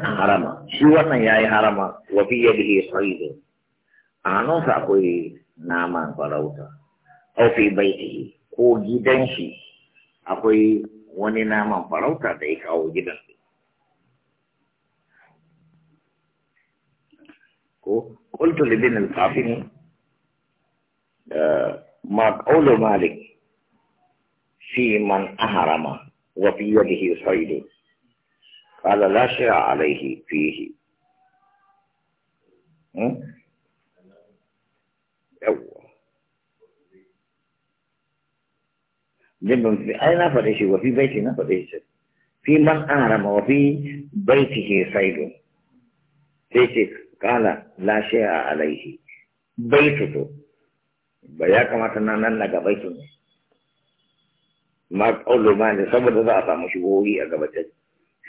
harama shi wannan ya yi harama wa fi yadihi sa'idu a sa akwai naman farauta au fi baitihi ko gidan shi akwai wani naman farauta da ya kawo gidan ko qultu li bin al da eh, ma qawlu malik fi man ahrama wa fi yadihi sa'idu قال لا شيء عليه فيه يوه في أين أفضل وفي بيتنا أفضل في من أعلم وفي بيته سيد سيسك قال لا شيء عليه بيته بيا كما تنانا لك بيته ما قول ما لسبب ذا أطعم شبوهي أقبتك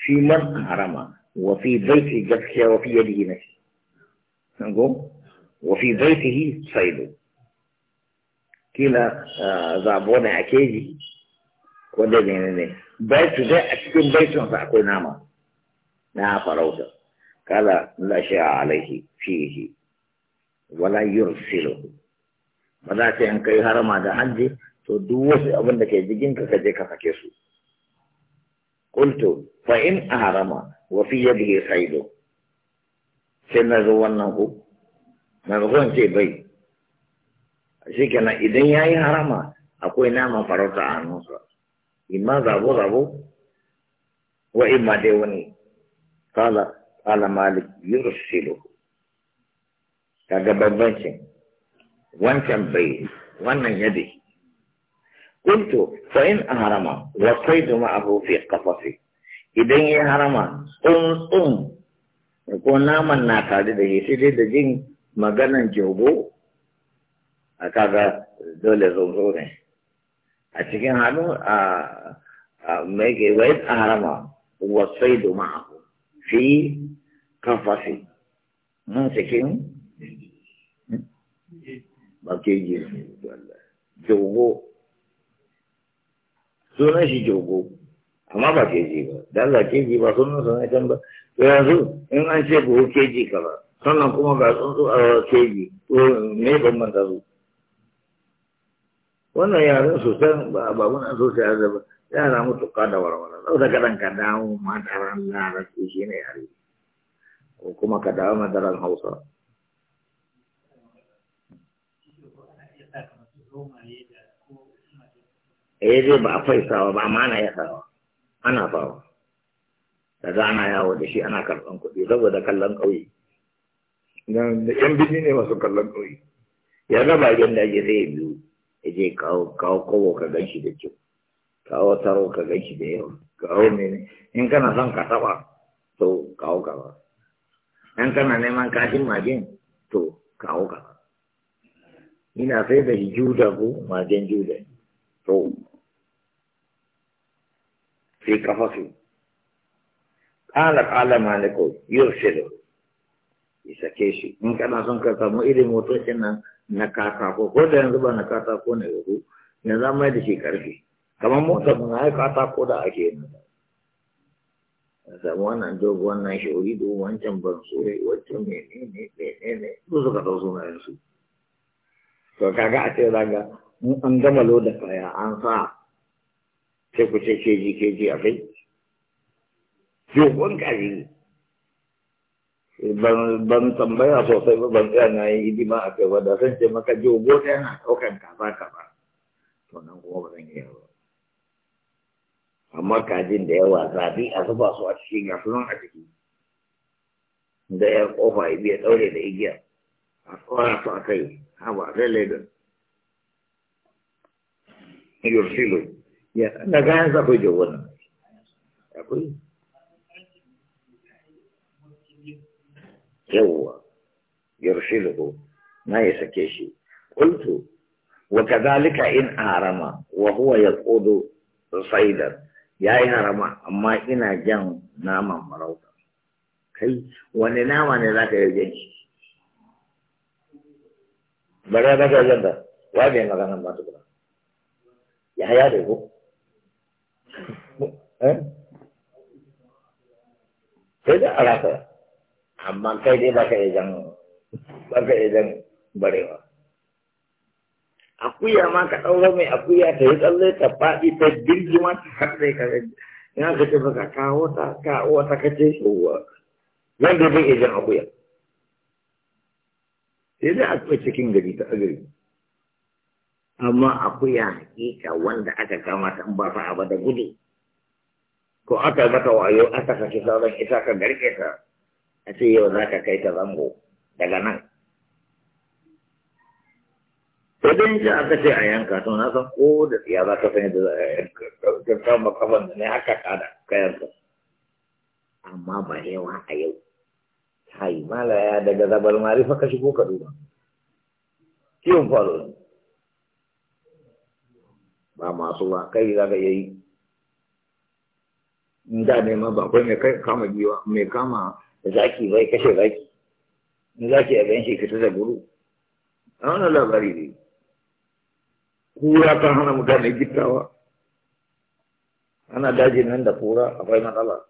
fi marka harama wa fi baiti gaskiya wa fi yadi na shi sango wa fi baiti hi kila zabo ne ake ko da ne ne baiti dai a cikin baitin sa akwai nama na farauta kala la shi a alaihi fihi wala yursilu ba za ka yi harama da hajji to duk wasu abin da ke jikin ka kaje ka sake su قلت فإن أهرم وفي يده سيده sai na zo wannan ku na zuwan ce bai shi kenan idan ya yi harama akwai naman farauta a hannunsa imma zabo zabo wa imma dai wani kala kala malik yursilu kaga bambancin wancan bai wannan yadda harama, فإن أهرم وصيد معه fi قفصه idan ya harama un-un. ko naman na tare da shi sai da jin maganan jogo a ga dole zozo ne a cikin hannu a mai gaiwai a harama wasai da ma'a fi kafasi mun cikin hmm? ba ke jogo sunan shi jogo amma ba keji ba da Allah keji ba sunan sunan can ba to yanzu in an ce buhu keji ka ba sannan kuma ga su a keji to me bambanta su wannan yaran su san ba ba mun an so sai azaba yara mutuka da warwara sau da kadan ka dawo madaran larabci shi ne yare ko kuma ka dawo madaran hausa eh zai ba a faisawa ba amma ana ya sawa ana sawa za ana yawo da shi ana karɓan kuɗi saboda kallon ƙauye yan bini ne masu kallon ƙauye ya ga gin da ake zai biyu ya je kawo kowo ka gan shi da kyau kawo taro ka gan shi da yawa kawo mene in kana son ka taɓa to kawo ka ba in kana neman kashin magen to kawo ka ina sai da juda ko magen juda to في قفص قال قال مالك يرسل isa keshi in kana son ka samu ilimin wato kenan na katako ko da yanzu ba na katako ne yau ne za mai da shi karfi kamar mota mun ai katako da ake yin ka samu wannan dogo wannan shi ori do wancan ban sore wancan ne ne ne ne ne ne su suka zo suna yin to kaga a ce daga mun an gama lo da faya an sa sai ku ce keji keji a kai dogon kari ban tambaya sosai ba ban tsaya na yi hidima a kai ba da san ce maka jogo ɗaya na ɗaukan kaza kaza to nan kuma ba zan iya ba amma kajin da yawa zabi a zuba su a cikin gasu nan a ciki da ya kofa ya biya ɗaure da igiya a tsora su a kai ha ba sai laidan yursilu ya na gayan akwai jawonan akwai yawwa yarshiluhu na ya sake shi qultu wa kadhalika in harama wa huwa yaqudu ya yayi harama amma ina jan naman marauta kai wani nama ne zaka yi jan shi bare na ga yanda wa bai magana ba tukuna ya haya da ko sai eh? da arasa amma kai dai baka iya jan barewa akuya ma ka ɗaura mai akuya ta yi tsalle ta faɗi ta girgima ta haɗe ka ya ka ce baka kawo ta kawo ta ka ce shawwa wanda zai iya jan akuya sai da akwai cikin gari ta amma akuya hakika wanda aka kama ta ba fa ba da gudu ko aka mata wayo aka kashe sauran ita ka garke ta a ce yau za ka kai ta zango daga nan idan ji aka ce a yanka to na san ko da tsiya za ka sanya da kama kafan da ne haka kada ka yanka amma ba yawa a yau hai malaya daga zabar marifa ka shigo ka duba falo ne ba masu ba kai za ka yayi in da ne ma ba kai mai kai kama giwa mai kama zaki bai kashe zaki in zaki a ganshi ka da guru a wannan labari ne kura ta hana mutane gittawa ana daji nan da kura akwai matsala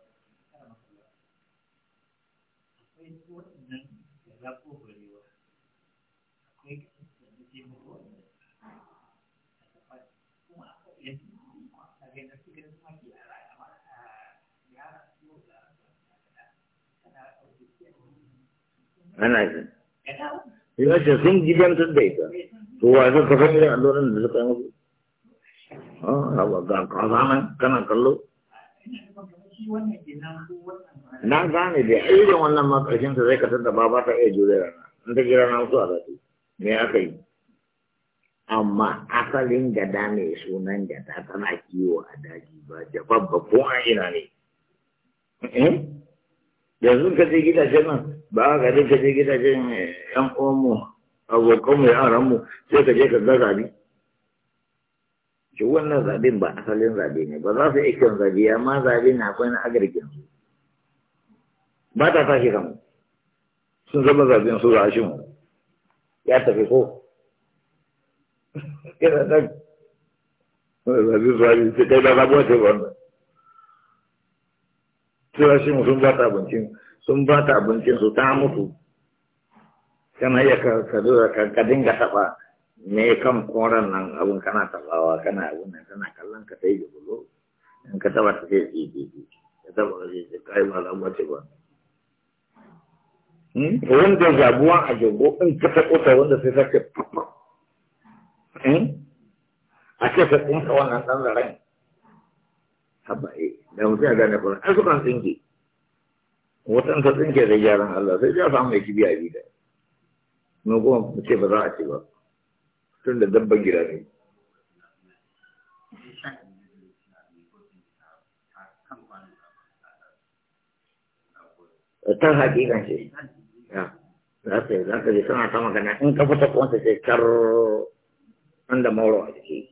ana yi ya ce sun gidantar da ita to wa zai ka fahimta alluran da suka yi musu a ah, ba ga kasa kana kallo na gane da irin wannan makarshen ta zai kasar da ba ba ta iya jure rana in ta jira na wasu a zafi me aka yi amma asalin gada ne sunan gada tana kiwo a daji ba jababba ko a ina ne eh? yanzu ka je gidajen nan ba a ka je ka je gidajen yan uwanmu abokanmu yaranmu sai ka je ka ga zabi shi wannan zaben ba asalin zabe ne ba za su iya ikon zabe amma zabe na akwai na agarkin ba ta tashi kan sun zama zaben su za mu ya tafi ko ina nan zabe su sai kai da rabuwa ce ba turashin sun ba ta abincin sun ba ta abincin su ta mutu kana iya ka zo ka dinga taɓa me kan koran nan abun kana tabawa kana abun nan kana kallon ka sai gulo in ka taba ta sai tsidi ka taba ka sai kai ma zan ce ba hmm wanda zabuwa a jago in ka ta kota wanda sai sake hmm a ce ka tsinka wannan dan zaren haba eh da mutum ya gane kuma an sukan tsinke wutan ta tsinke da gyaran Allah sai ya samu mai kibiya biyu da Mun kuma mu ce ba za a ce ba tun da dabban gida ne ta hakikan ce za ka za ka je suna ta magana in ka fita kuma ta ce kar an da mauro a ciki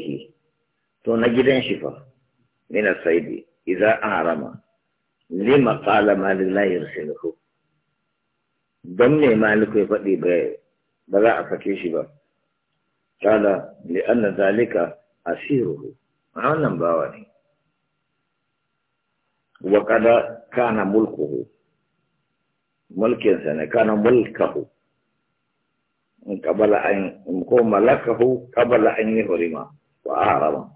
to na gidan shi fa min saidi Iza arama lima qala malik la yursiluhu dan ne maliku ya faɗi ba za a sake shi ba kala li anna zalika asiruhu a wannan bawa ne wa kada kana mulkuhu mulkinsa ne kana mulkahu in kabala an ko malakahu kabala an yi hurima wa arama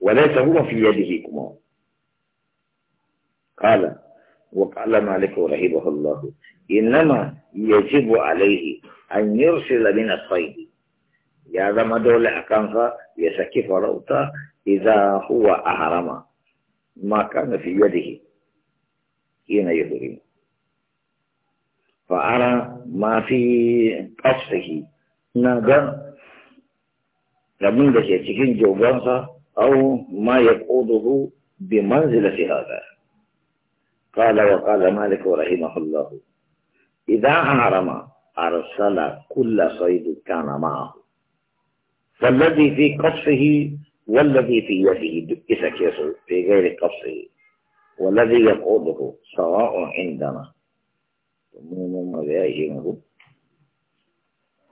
وليس هو في يدهكما قال وقال مالك رحمه الله إنما يجب عليه أن يرسل من الصيد يا ذا دول أكانها يسكي روتا إذا هو أهرم ما كان في يده حين يهرم فأرى ما في قصفه نادى لمن ذلك يتكين أو ما يقوده بمنزلة هذا قال وقال مالك رحمه الله إذا أعرم أرسل كل صيد كان معه فالذي في قصفه والذي في يده دكسة كيسو في غير قصفه والذي يقوده سواء عندنا ثم ما